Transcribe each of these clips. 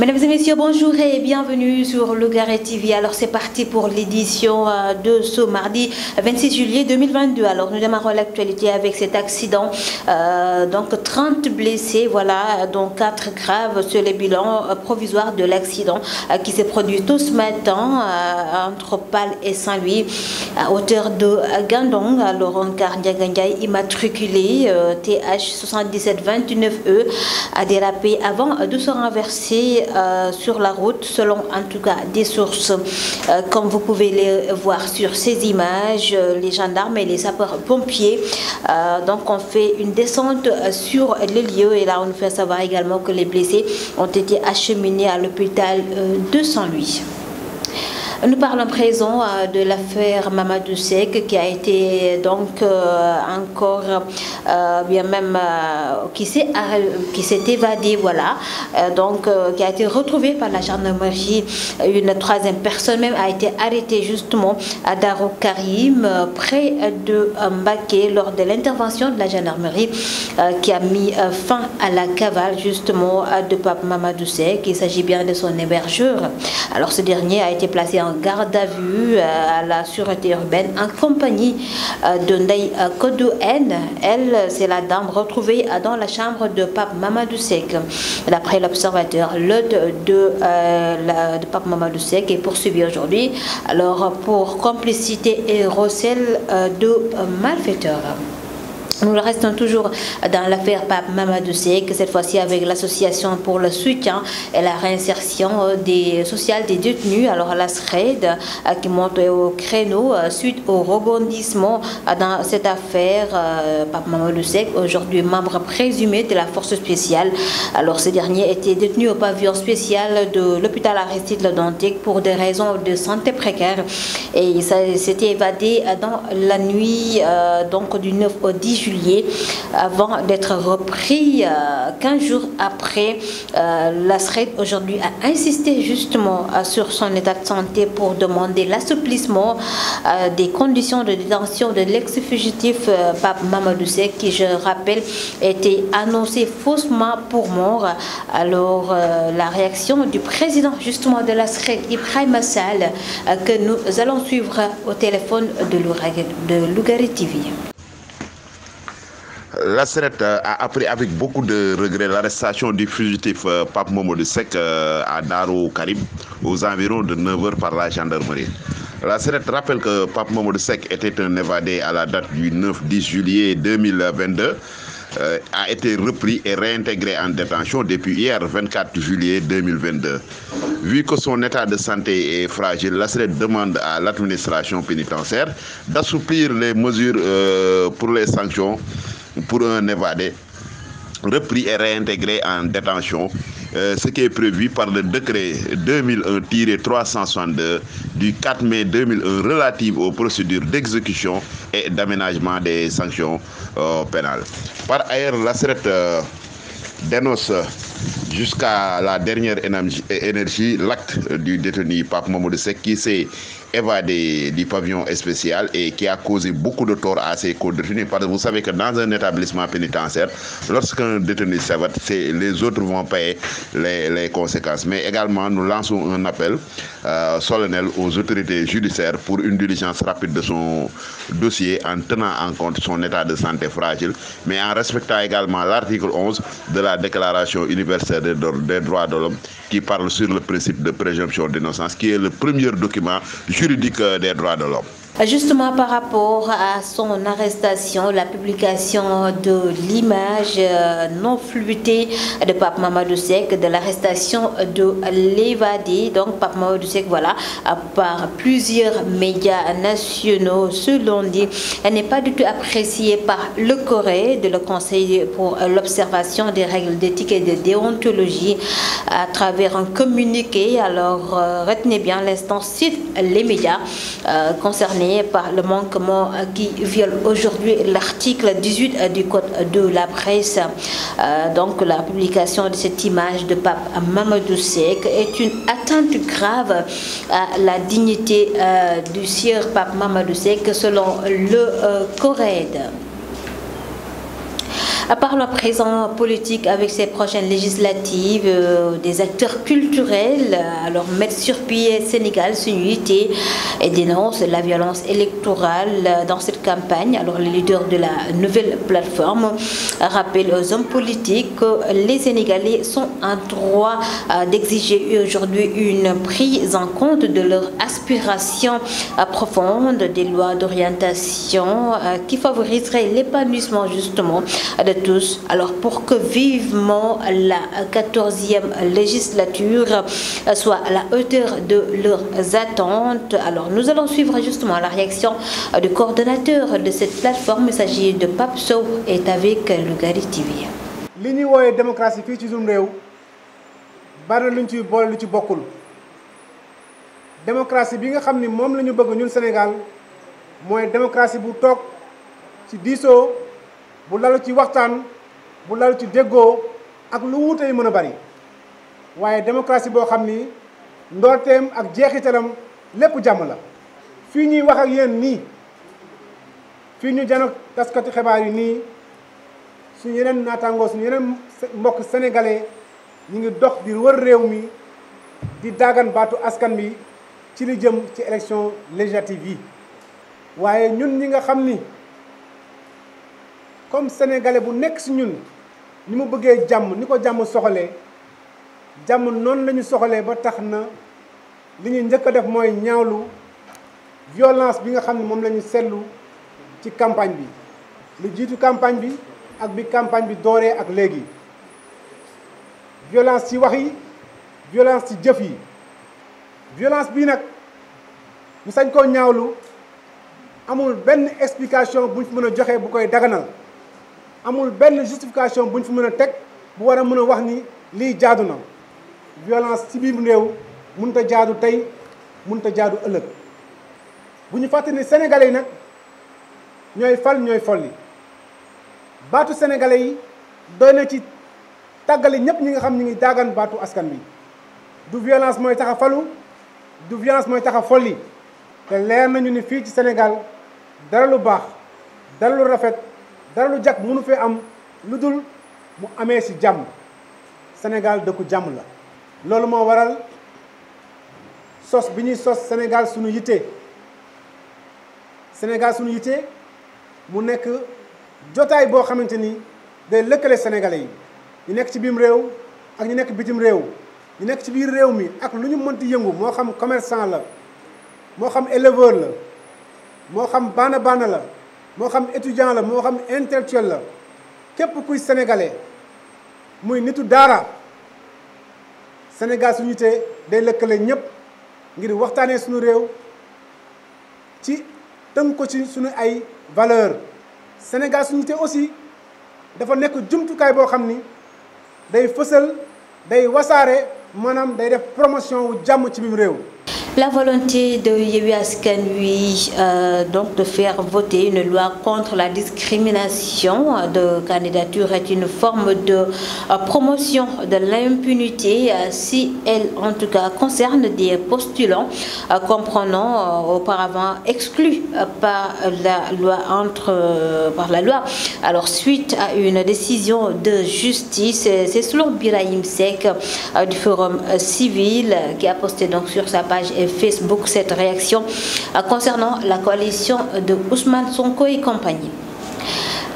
Mesdames et messieurs, bonjour et bienvenue sur Le Garret TV. Alors c'est parti pour l'édition euh, de ce mardi 26 juillet 2022. Alors nous démarrons l'actualité avec cet accident. Euh, donc 30 blessés, voilà, dont 4 graves sur les bilans euh, provisoires de l'accident qui s'est produit tout ce matin entre Pâle et Saint-Louis à hauteur de Gandong. Alors un gangaï immatriculé TH7729E a dérapé avant de se renverser euh, sur la route, selon en tout cas des sources. Euh, comme vous pouvez les voir sur ces images, euh, les gendarmes et les sapeurs-pompiers donc on fait une descente sur le lieu. Et là, on fait savoir également que les blessés ont été acheminés à l'hôpital de Saint-Louis. Nous parlons présent euh, de l'affaire Mamadou Sek qui a été donc euh, encore euh, bien même qui s'est qui évadé voilà donc qui a été retrouvé par la gendarmerie une troisième personne même a été arrêtée justement à Darou Karim près de Mbaké lors de l'intervention de la gendarmerie qui a mis fin à la cavale justement de Pape Mamadou Sek il s'agit bien de son hébergeur alors ce dernier a été placé en garde à vue euh, à la sûreté urbaine en compagnie euh, de Kodou euh, N. Elle, c'est la dame retrouvée dans la chambre de Pape Mamadou Sek. D'après l'observateur, l'aide de, Pape Mamadou Sek est poursuivi aujourd'hui alors pour complicité et recel de malfaiteurs. Nous restons toujours dans l'affaire Pape Mamadou Sek, cette fois-ci avec l'association pour le soutien et la réinsertion euh, des, sociales des détenus, alors la SRED, euh, qui monte au créneau euh, suite au rebondissement dans cette affaire. Pape Mamadou Sek, aujourd'hui membre présumé de la force spéciale. Alors ce dernier était détenu au pavillon spécial de l'hôpital Aristide Dantique pour des raisons de santé précaire et il s'était évadé dans la nuit donc du 9 au 10 avant d'être repris 15 euh, jours après. Euh, la SRED aujourd'hui a insisté justement euh, sur son état de santé pour demander l'assouplissement des conditions de détention de l'ex-fugitif Pape Mamadou qui je rappelle était annoncé faussement pour mort. Alors la réaction du président justement de la SRED, Ibrahim Assal, que nous allons suivre au téléphone de Lugari TV la SRET euh, a appris avec beaucoup de regrets l'arrestation du fugitif euh, Pape Momo de Sec à Daro Caribe, aux environs de 9h par la gendarmerie. La SRET rappelle que Pape Momo de Sec était un évadé à la date du 9-10 juillet 2022 euh, a été repris et réintégré en détention depuis hier 24 juillet 2022. Vu que son état de santé est fragile, la SRED demande à l'administration pénitentiaire d'assouplir les mesures pour les sanctions pour un évadé repris et réintégré en détention, euh, ce qui est prévu par le décret 2001-362 du 4 mai 2001 relative aux procédures d'exécution et d'aménagement des sanctions euh, pénales. Par ailleurs, la euh, dénonce jusqu'à la dernière énergie, l'acte du détenu Pape Mamoudou qui s'est évadé du pavillon spécial et qui a causé beaucoup de tort à ses co-détenus. Parce vous savez que dans un établissement pénitentiaire, lorsqu'un détenu s'évade, les autres vont payer les, conséquences. Mais également, nous lançons un appel euh, solennel aux autorités judiciaires pour une diligence rapide de son dossier en tenant en compte son état de santé fragile, mais en respectant également l'article 11 de la Déclaration universelle des, des droits de l'homme qui parle sur le principe de présomption d'innocence, qui est le premier document juridique euh, des droits de l'homme. Euh, justement, par rapport à son arrestation, la publication de l'image euh, non flûtée de Pape Mamadou Sek, de l'arrestation de l'évadé, donc Pape Mamadou Sek, voilà, euh, par plusieurs médias nationaux, selon dit, elle n'est pas du tout appréciée par le Corée de le Conseil pour l'observation des règles d'éthique et de déontologie à travers un communiqué. Alors, retenez bien l'instant cite les médias concernés par le manquement euh, qui viole aujourd'hui l'article 18 euh, du Code de la presse. Euh, donc la publication de cette image de pape Mamadou Sek est une atteinte grave à la dignité du sieur pape Mamadou Sek selon le Corède. À part le présent politique avec ses prochaines législatives, euh, des acteurs culturels, alors mettent sur pied Sénégal son unité et dénoncent la violence électorale dans cette campagne. Alors les leaders de la nouvelle plateforme rappellent aux hommes politiques que les Sénégalais sont en droit euh, d'exiger aujourd'hui une prise en compte de leurs aspirations euh, profondes des lois d'orientation qui favoriseraient l'épanouissement justement de tous. Alors pour que vivement la 14e législature soit à la hauteur de leurs attentes. Alors nous allons suivre justement la réaction du coordonnateur de cette plateforme. Il s'agit de Papso et avec Lugari TV. li et démocratie c'est ci suñu réew bari na démocratie bi nga ni c'est bëgg Sénégal Moi, démocratie bu toog ci bu lalu ci waxtaan bu lalu ci déggoo ak lu wuute mën a bari waaye démocratie boo xam ni ndoorteem ak jeexitalam lépp jàmm la fii ñuy wax ak yéen nii fii ñu jano taskati xibaar yi nii suñu yeneen naataangoo suñu yeneen mbokk sénégalais ñu ngi dox di wër réew mi di daagan baatu askan bi ci li jëm ci élection législative yi waaye ñun ñi nga xam ni comme sénégalais bu nekk si ñun ni mu bëggee jàmm ni ko jàmm soxalee jàmm noonu la ñu ba tax na li ñuy njëkk a def mooy ñaawlu violence bi nga xam ne moom lañu ñu ci campagne bi lu jiitu campagne bi ak bi campagne bi dooree ak léegi violence ci wax yi violence ci jëf yi violence bii nag ñu sañ koo ñaawlu amul benn explication bu mën a joxe bu koy daganal amul benn justification bu ñu fi mën a teg bu war a mën a wax ni liy jaadu na violence ci biir réew mënut a jaadu tey mënut a jaadu ëllëg bu ñu fàttali ni sénégalais yi nag ñooy fal ñooy folli baatu sénégalais yi doy na ci tàggale ñépp ñi nga xam ñi ngi daagan baatu askan wi du violence mooy tax falu du violence mooy tax a folli te leer nañu ni fii ci Sénégal dara lu baax dara lu rafet dara lu jag mënu fee am lu dul mu amee si jàmm Sénégal dëkku jàmm la loolu moo waral sos bi ñuy sos Sénégal suñu yitte Sénégal suñu yitte mu nekk jotaay boo xamante ni day lëkkale sénégalais yi ñu nekk ci biim réew ak ñu nekk bitim réew ñu nekk ci biir réew mi ak lu ñu mënti yëngu moo xam commerçant la moo xam éleveur la moo xam baana baana la moham xam étudiant la moo xam intellectuel la kep kuy sénégalais muy nitu dara Sénégal suñu te day lekkale ñep ngir waxtaanee suñu réew ci tënk ko ci suñu ay valeur Sénégal suñu te aussi dafa nekk jumtu kay bo xamni day fësal day wasaré manam day def promotion wu ci bimu réew la volonté de Yéwi euh, donc de faire voter une loi contre la discrimination de candidature est une forme de euh, promotion de l'impunité euh, si elle en tout cas concerne des postulants euh, comprenant auparavant exclus par la loi entre par la loi. Alors suite à une décision de justice, c'est selon Birahim Sek du forum civil qui a posté donc sur sa page Facebook cette réaction euh, concernant la coalition de Ousmane Sonko et compagnie.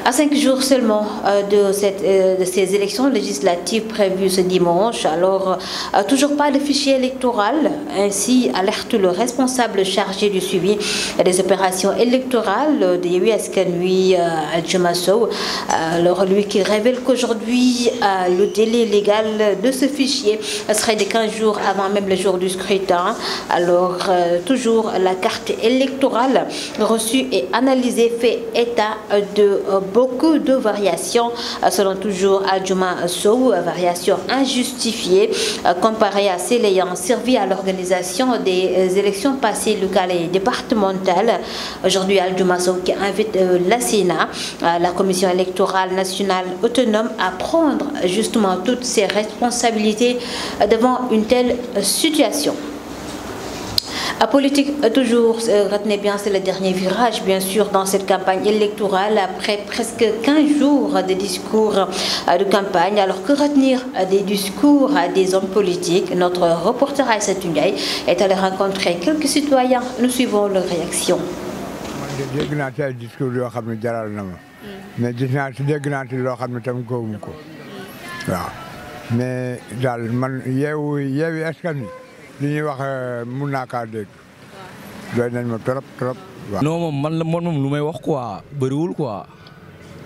À cinq jours seulement euh, de, cette, euh, de, ces élections législatives prévues ce dimanche, alors euh, toujours pas de fichier électoral, ainsi alerte le responsable chargé du suivi des opérations électorales de Yewi Askanui al alors lui qui révèle qu'aujourd'hui le délai légal de ce fichier serait de 15 jours avant même le jour du scrutin. Alors toujours la carte électorale reçue et analysée fait état de beaucoup de variations, euh, selon toujours Adjuma Sou, euh, variations injustifiées euh, comparées à celles ayant servi à l'organisation des élections passées locales et départementales. Aujourd'hui, Adjuma Sou qui invite la Sénat, la Commission électorale nationale autonome, à prendre justement toutes ses responsabilités devant une telle situation. La politique, euh, toujours, euh, retenez bien, c'est le dernier virage, bien sûr, dans cette campagne électorale, après presque 15 jours de discours euh, de campagne. Alors que retenir des discours des hommes politiques Notre reporter Aïssa Tunay est allé rencontrer quelques citoyens. Nous suivons leur réaction. li ñuy wax mun naa kaa dégg doy nañ ma trop trop waaw non moom man la man moom lu may wax quoi bëriwul quoi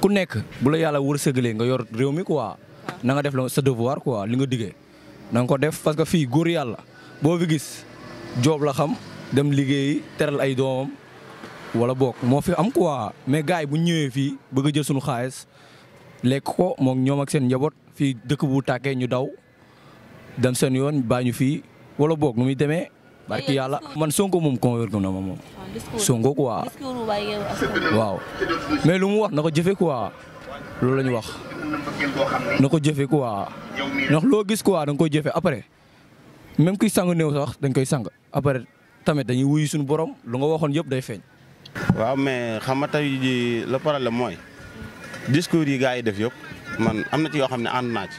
ku nekk bu la yàlla wërsëgalee nga yor réew mi quoi na nga def la sa devoir quoi li nga diggee ko def parce que fi gis joob la xam dem liggéeyi teral ay wala boog moo fi am quoi mais gars bu ñëwee fii bëgg jël suñu xaalis lekk ko ak seen dëkk bu ñu daw dem seen yoon baa wala boog nu muy demee. barki yàlla man Sonko moom convaincre na ma moom. Ah, Sonko quoi. waaw mais lu mu wax na ko jëfe quoi loolu la ñu wax na ko jëfe waa ndax loo gis quoi da nga koy jëfe après même kuy sang néew sax dañ koy sang après tamit dañuy wuyu suñu borom lu nga waxoon yëpp day feeñ. waaw mais xam nga tey jii le problème mooy discours yi gars yi def yëpp man am na ci yoo xam ne ànd naa ci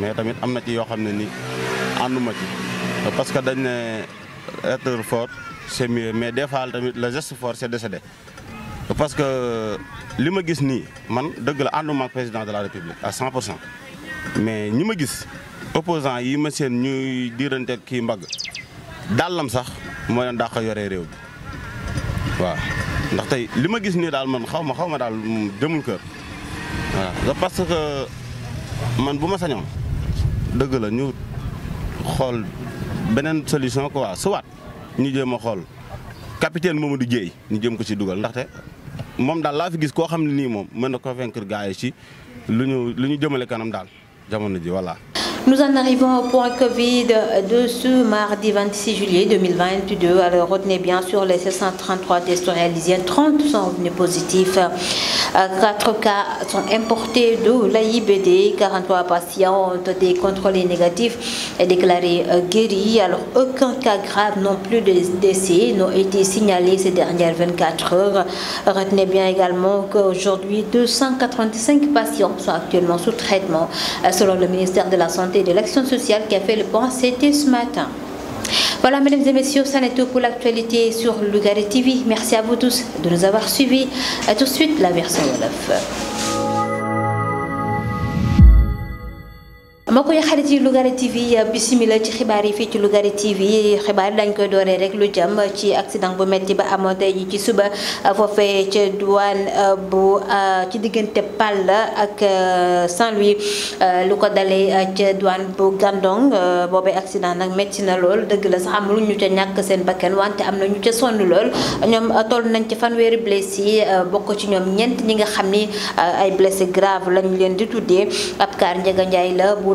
mais tamit am na ci yoo xam ne nii ma ci. Euh, parce que dañ ne euh, être fort c' est mieux mais des fois tamit le geste fort c' est décédé parce que euh, li ma gis nii man dëgg la ànduma ak président de la république à 100 pour cent mais ñi ma gis opposant yi ma seen ñuy diirante kii mbagg dàllam sax moo leen dàq yore réew bi waaw ndax tey li ma gis nii daal man xaw ma xaw ma daal mm, demul kër waaw parce que man bu ma sañoon dëgg la ñu xool beneen solution ko waa soit ñu jéem a xool capitaine du Dieye ñu jëm ko ci dugal ndaxte moom daal laa fi gis koo xam ne nii moom mën na convaincre gars yi ci lu ñu lu ñu jëmale kanam daal jamono ji voilà. Nous en arrivons au point Covid de ce mardi 26 juillet 2022. Alors retenez bien sur les 733 tests réalisés, 30 sont venus positifs. 4 euh, cas sont importés de l'AIBD, 43 patients ont été contrôlés négatifs et déclarés euh, guéris. Alors, aucun cas grave non plus de décès n'ont été signalés ces dernières 24 heures. Retenez bien également qu'aujourd'hui, 285 patients sont actuellement sous traitement. Euh, selon le ministère de la Santé, de l'action sociale qui a fait le point, c'était ce matin. Voilà, mesdames et messieurs, ça n'est tout pour l'actualité sur Lugare TV. Merci à vous tous de nous avoir suivis. A tout de suite, la version feuille. mako ya xarit yi lugare TV bisimila ci xibaar yi fi ci lugare TV xibaar dañ koy doore rek lu jam ci accident bu metti ba amo tay eh, ji ci suba eh, fofé ci douane eh, bu ci digënté pal ak Saint-Louis lu ko dalé ci douane bu Gandong bobé accident nak metti na lool deug la sax am lu ñu ci ñak seen bakkan wante am na ñu ci sonu lool ñom toll nañ ci fan wéri blessé yi ci ñom ñent ñi nga xamni ay blessé grave lañ leen di tuddé ab car ñega ñay la bu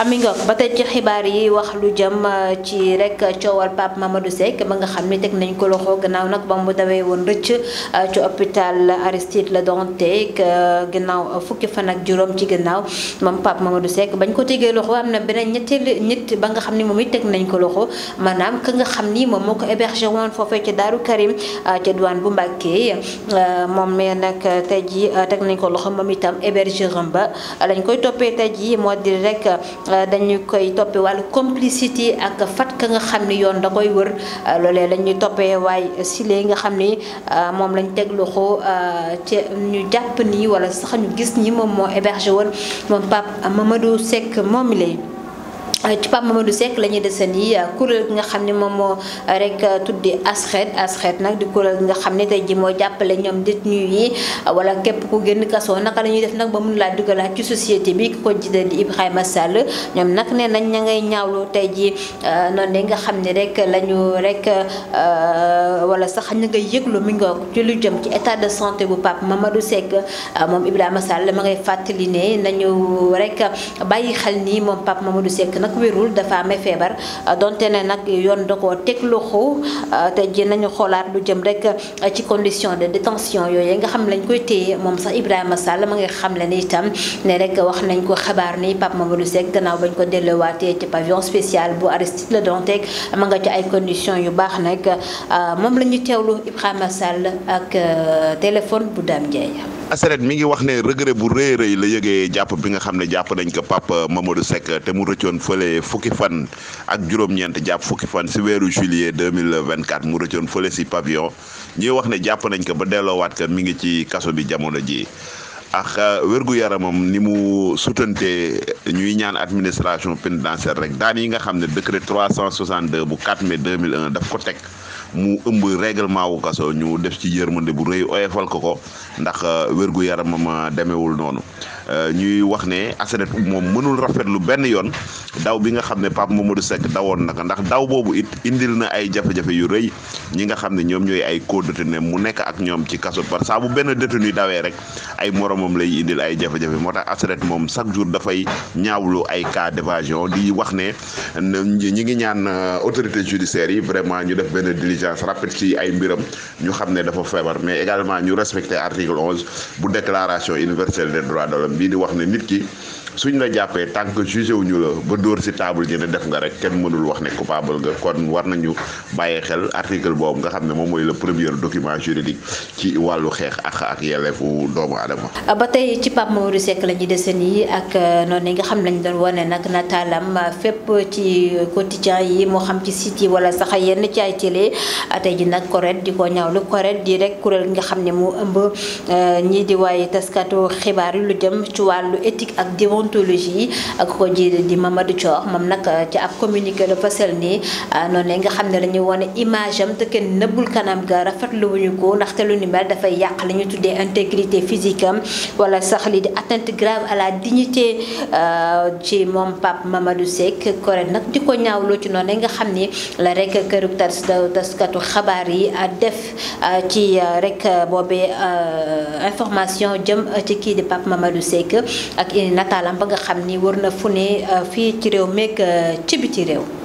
ami ngoog ba tey ci xibaar yi wax lu jëm uh, ci rek coowal Pape du Seck ba nga xam ni teg nañ ko loxo gannaaw nag ba mu dawee woon rëcc uh, ci hôpital Aristide Le Dantec uh, gannaaw fukki fan ak juróom ci gannaaw moom Pape Mamadou Seck bañ ko tegee loxo am na beneen ñetteelu nit ba nga xam ni moom it teg nañ ko loxo maanaam ka xam ni moom moo ko hébergé woon foofee ci Daaru Karim ca douane bu Mbàkke moom mee nag tey ji teg nañ ko loxo moom itam hébergé ba lañ koy toppee tey ji moo di rek Euh, dañu koy toppee wàllu complicité ak fat ka nga xam ni yoon da koy wër euh, loole lañ ñuy toppee waaye Sile nga xam ni euh, moom lañ teg loxo ci ñu jàpp nii wala sax ñu gis ñi moom moo hébergé woon moom Pape Mamadou Seck moom la Euh, ci Pape Mamadou Seck la ñuy desandi euh, kuréel gi nga xam ne moom moo euh, rek tuddi ASRED ASRED nag di kuréel gi nga xam ne tey ji moo jàppale ñoom détenu yi wala képp ku génn kasoo naka la ñuy def nag ba mun dugalaat ci société bi ko jiite di Ibrahima Sall ñoom nag ne nañ ña ngay ñaawlu tey ji noonu yi nga xam ne rek lañu rek walla sax ña ngay yëglu mi ngi ci lu jëm ci état de santé bu Pape Mamadou Seck moom Ibrahima Sall ma ngay fàttali ne nañu rek bàyyi xel nii moom Pape Mamadou sekk nag Euh, nag dafa il y donte des conditions de détention. Il y a te euh, conditions condition de détention de nga xam lañ koy des conditions sax Ibrahima Sall ma a xam conditions de itam Il rek wax nañ ko de ni Pape Mamadou Seck gannaaw bañ ko détention. ci pavillon spécial bu Aristide Le détention. ma nga ci ay conditions yu y a des conditions de Ibrahima Sall ak euh, téléphone bu de Aseret mi ngi wax ne regret bu rëy rëy la yëgee jàpp bi nga xam ne jàpp nañ ko Pape Mamadou Seck te mu rëccoon fële fukki fan ak juróom-ñeent jàpp fukki fan si weeru juillet 2024 mu rëccoon fële si pavillon ñuy wax ne jàpp nañ ko ba delloowaat ka mu ngi ci kaso bi jamono ji ak euh, wérgu yaramam ni mu sutante ñuy ñaan administration pénitentiaire rek daan yi nga xam ne décret 362 bu 4 mai 2001 daf ko teg mu ëmb réglement wu kaso ñu def ci yërmande bu rëy oyefal ko ko ndax euh, wérgu yaramam euh, demeewul noonu Euh, ñuy wax ne ASRED moom mënul rafet lu benn yoon daw bi nga xam ne Pape Mamadou Seck dawoon naka ndax daw boobu it indil na ay jafe-jafe yu rëy ñi nga xam ne ñoom ñooy ay codétenu mu nekk ak ñoom ci kaso par saa bu benn détenu dawee rek ay moromam lay indil ay jafe-jafe moo tax ASRED moom chaque jour dafay ñaawlu ay cas d'évasion di wax ne ñi ngi ñaan euh, autorité judiciaire yi vraiment ñu def benn diligence rapide ci ay mbiram ñu xam ne dafa feebar mais également ñu respecter article 11 bu déclaration universelle des droits de lii di wax ne nit ki suñ la jàppee tant que jugé wuñu la ba dóor si table ji ne def nga rek kenn mënul wax ne coupable nga kon war nañu bàyyi xel article boobu nga xam ne moom mooy le premier document juridique ci wàllu xeex ak ak yelleefu doomu aadama. ba tey ci Pape Mamadou Seck la ñu dese nii ak noonu yi nga xam lañ yi moo xam ci site yi wala sax yenn ci ay télé tey ji nag CORED di ko ñaawlu CORED di rek kuréel nga xam ne mu ëmb eh, ñii di waaye taskatu xibaar yi lu jëm ci wàllu éthique ak diw ontologie ak ko ji di Mamadou Thior moom nak euh, ci ab communiquer le sel ni euh, non la nga xamne ne la image am te ken nëbbul kanam ga rafetlu wuñu ko te lu ni mel da fay li ñu tuddee intégrité physique am wala sax li di atteinte grave à la dignité euh, ci mom pap Mamadou Seck Corée nak diko ñaawlo ci noonu la nga xam la rek këru tas taskatu xabar yi def ci rek bobé information jëm ci ki di pap Mamadou Seck ak nataalam programme ba nga xam ni war na fu ne euh, fii ci réew meeg euh, ci biti réew.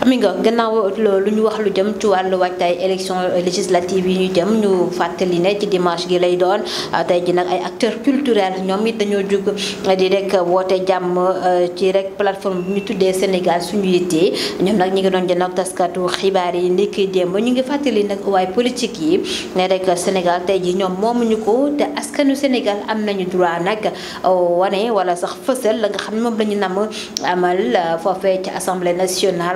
Aminga gannaaw lu ñu wax lu jëm ci wàllu waajtaay élection législative yi ñu jëm ñu fàttali ne ci dimanche gi lay doon ah, tey ji nag ay acteur culturels ñoom it dañoo jug ah, di rek woote jàmm ah, ci rek plateforme bu ñu tuddee Sénégal suñu yittee ñoom nag ñi ngi doon jënd ak taskatu xibaar yi ndikki démb ñu ngi fàttali nag waaye politique yi ne rek Sénégal tey ji ñoom moomuñu ko te askanu Sénégal am nañu droit nag wane wala sax fësal la nga xam ne moom la ñu nam amal foofee ci assemblée nationale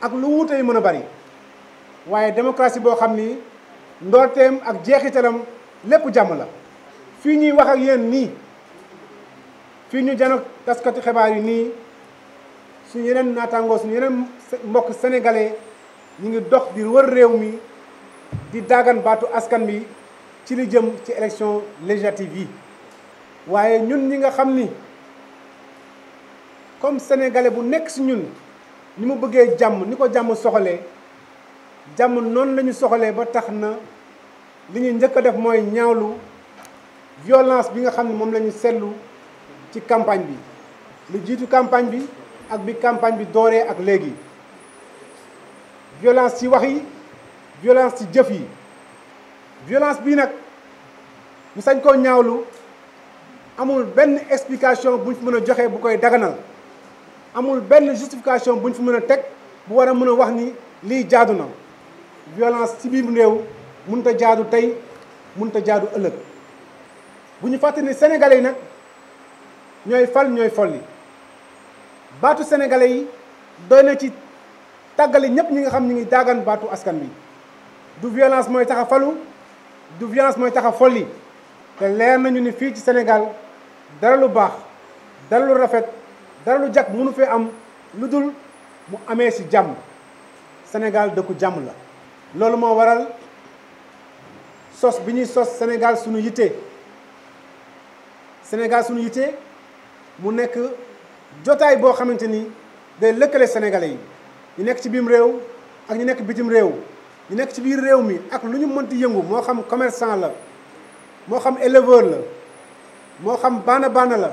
ak lu wuutey mën a bari waaye démocratie boo xam ni ndoorteem ak jeexitalam lépp jàmm la fii ñuy wax ak yéen nii fii ñu jano taskati xibaar yi nii suñu yeneen naataangoo suñu yeneen mbokk sénégalais ñu ngi dox di wër réew mi di daagan baatu askan bi ci li jëm ci élection législative yi waaye ñun ñi nga xam ni comme senegale bu nekk ci ñun ni mu bëggee jàmm ni ko jàmm soxalee jàmm noonu la ñu ba tax na li ñu njëkk a def mooy ñaawlu violence bi nga xam ne moom lañu ñu seetlu ci campagne bi lu jiitu campagne bi ak bi campagne bi dooree ak léegi violence ci wax yi violence ci jëf yi violence bii nag ñu sañ koo ñaawlu amul benn explication buñ fi mën a joxe bu koy daganal amul benn justification buñ fi mën a teg bu war a mën a wax ni liy jaadu na violence ci biir réew mënut a jaadu tey mënut a jaadu ëllëg bu ñu fàttali ne sénégalais yi nag ñooy fal ñooy folli baatu sénégalais yi doy na ci tàggali ñépp ñi nga xam ñi ngi daagan baatu askan bi du violence mooy tax falu du violence mooy tax a folli te leer nañu ni fii ci Sénégal dara lu baax dara lu rafet dara lu jag mënu fee am lu dul mu amee si jàmm Sénégal dëkku jàmm la loolu moo waral sos bi ñuy sos Sénégal suñu yitte Sénégal suñu yitte mu nekk jotaay boo xamante ni day lëkkale sénégalais yi ñu nekk ci biim réew ak ñu nekk bitim réew ñu nekk ci biir réew mi ak lu ñu mënti yëngu moo xam commerçant la moo xam éleveur la moo xam baana baana la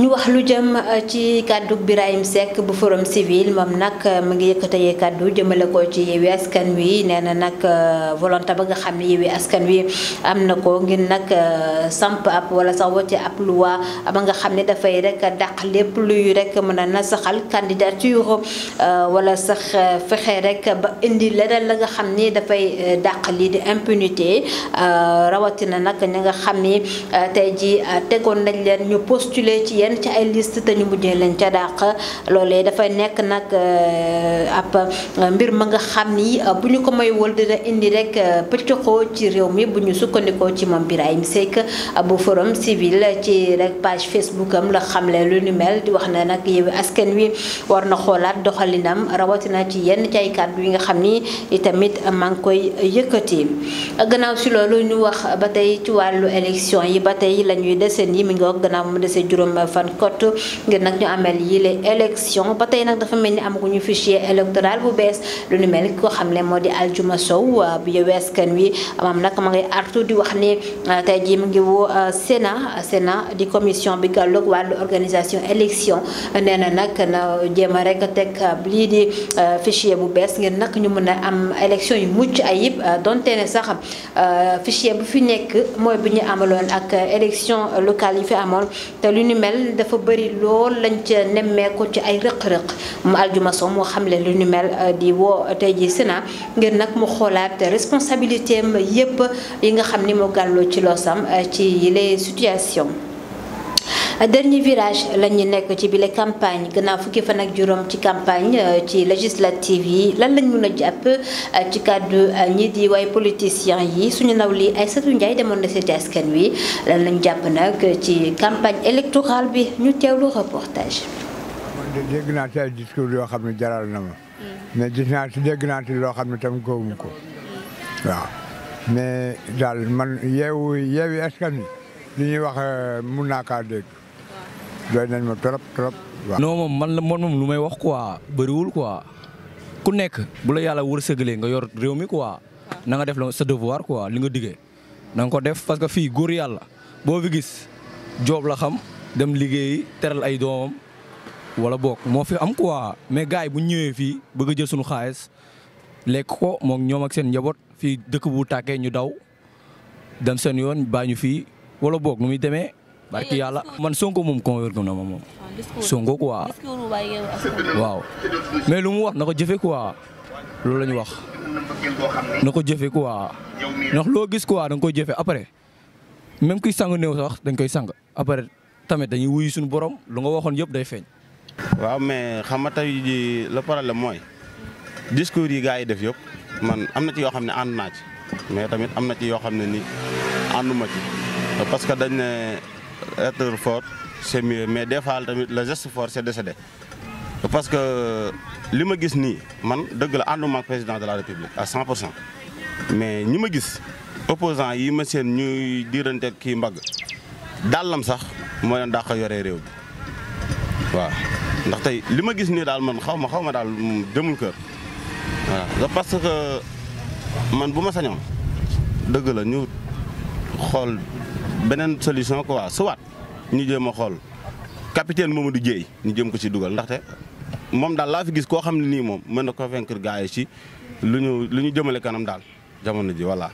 ñu wax lu jëm uh, ci kàddu Birahim Seck bu forum civil moom nag uh, mu ngi yëkkatee kàddu jëmale ko ci Yewwi Askan Wi nee na nag uh, volonté ba nga xam ne Yewwi Askan Wi am na ko ngir nag samp ab wala sax wacce ab loi ba nga xam ne dafay rek dàq lépp luy rek mën a nasaxal candidature wala sax fexe rek ba indi leneen la nga xam ni dafay dàq lii di impunité rawatina nag ñi nga xam ni tey ji tegoon nañ leen ñu postuler ci yenn leen ci ay liste te ñu mujjee leen ca dàq loolee dafay nekk nag euh, ab euh, mbir ma nga xam ni euh, bu ñu ko may wël dina indi rek pëccëxoo ci réew mi bu ñu sukkandikoo ci moom Birahim Seck bu forum civil ci rek page Facebook am la xamle lu ni mel di wax ne nag Yewwi asken Wi war na xoolaat doxalinam rawatina ci yenn ci ay kàddu yi nga xam ni itamit maa ngi koy yëkkati gannaaw si loolu ñu wax ba tey ci wàllu élection yi ba tey la ñuy deseen yi mi ngi wax gannaaw mu dese juróom fan Fancote ngir nak ñu amel yi yile élection ba tey nag dafa mel ni ñu fichier électoral bu bees lu ni mel ko xamlé modi di Aljuma Sow bi yow kan wi am nak ma ngay artu di wax ni ah, tay ji mu ngi wo ah, Sénat Sénat di commission bi gàlloog wàllu organisation élection néna nak nag na jéem rek tek ah, lii di fichier bu bees ngir nak ñu mëna am élection yu mucc ayib donté né sax fichier bu fi nek moy bu ñu amalon ak élection locale yi fi amoon té lu ni mel dafa bëri lool lañ ca nemmeeku ci ay rëq-rëq mu aljuma soom moo xamle lu ni mel euh, di woo euh, tey ji Sénat ngir nag mu xoolaat responsabilité am yépp yi nga xam ni mu gàlloo ci loosam euh, ci les situations dernier virage lañu ñu nekk ci bile campagne gëna fukki fan ak juróom ci campagne euh, ci législative yi lan lañ mëna japp euh, ci cadre euh, ñi di waay politiciens yi suñu naw lii Aïssatou Ndiaye demoon na seeti askan wi lan lañ japp nak ci campagne électorale bi ñu tewlu reportage. dégg naa ci ay discours yo xamni jaral na ma. mais gis na ci dégg na ci lo xamni ne tam góobu ko waaw mais dal man yeewu yeewi askan li ñuy wax mun naa kaa dégg. doy nañ ma trop moom man la man moom lu may wax quoi bëriwul quoi ku nekk bu la yàlla wërsëgalee nga yor réew mi quoi na nga def la sa devoir quoi li nga diggee na nga ko def parce fii góor yàlla boo fi gis joob la xam dem liggéey teral ay doomam wala boog moo fi am quoi mais gars yi bu ñëwee fii bëgg a jël suñu xaalis lekk ko moom ñoom ak seen njaboot fii dëkk bu tàkkee ñu daw dem seen yoon baa fii wala boog nu muy demee. barki yàlla man Sonko moom convaincre na ma moom. Ah, Sonko quoi waaw. mais lu mu wax na ko jëfe quoi loolu la ñu wax na ko jëfe quoi ndax loo gis quoi da nga koy jëfe après même kuy sang néew sax dañ koy sang après tamit dañu wuyu suñu borom lu nga waxoon yëpp day feeñ. waaw mais xam nga tey jii le la mooy discours yi gars yi def yëpp man am na ci yoo xam ne ànd naa ci mais tamit am na ci yoo xam ne nii ànduma ci parce que dañ ne. être fort c'est mieux mais des fois tamit le geste fort c'est décédé parce que li ma gis nii man dëgg la ànduma président de la république à 100 pour cent mais ñi ma gis opposant yi ma seen ñuy diirante kii mbagg dàllam sax moo leen dàq yore réew bi waaw ndax tey li ma gis nii daal man xaw ma xaw ma daal mm, demul kër waaw parce que man bu ma sañoon dëgg la ñu xool beneen solution ko waa soit ñu jéem a xool capitaine du Dieye ñu jëm ko ci dugal ndaxte moom daal laa fi gis koo xam ne nii moom mën na convaincre gars yi ci lu ñu lu ñu jëmale kanam daal jamono ji voilà.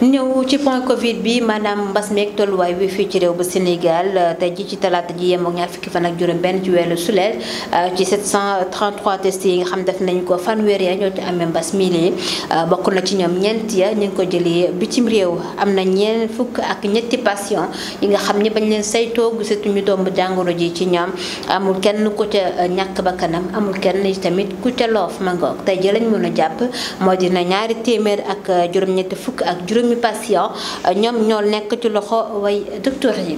ñëw ci point Covid bi maanaam mbas meeg tolluwaay bi fii ci réew ba Sénégal euh, tey ji ci talaata ji yem ak ñaar fukki fan ak juróom benn ci weeru suleel euh, ci 733 tests yi nga xam def nañ ko fanweer ya ñoo ci amee mbas mili euh, bokk na ci ñoom ñeent ñu ngi ko jëlee bitim réew am na ñeent fukk ak ñetti patient yi nga xam ni bañ leen saytoo gisatuñu doomu jàngoro ji ci ñoom amul kenn ku ca ñàkk ba kanam amul kenn tamit ku ca loof ma tey ji lañ mën jàpp moo dina ñaari téeméer ak juróom-ñetti fukk ak juróomi patient ñoom ñoo nekk ci loxo way docteur yi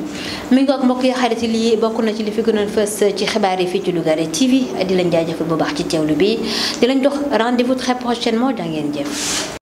mi ngoog mbokk yi xarit yi bokk na ci li fi gënoon fës ci xibaar yi fii ci Lougaré TV di lañ jaajëfal bu baax ci teewlu bi di lañ dox rendez-vous très prochainement jaa ngeen jëf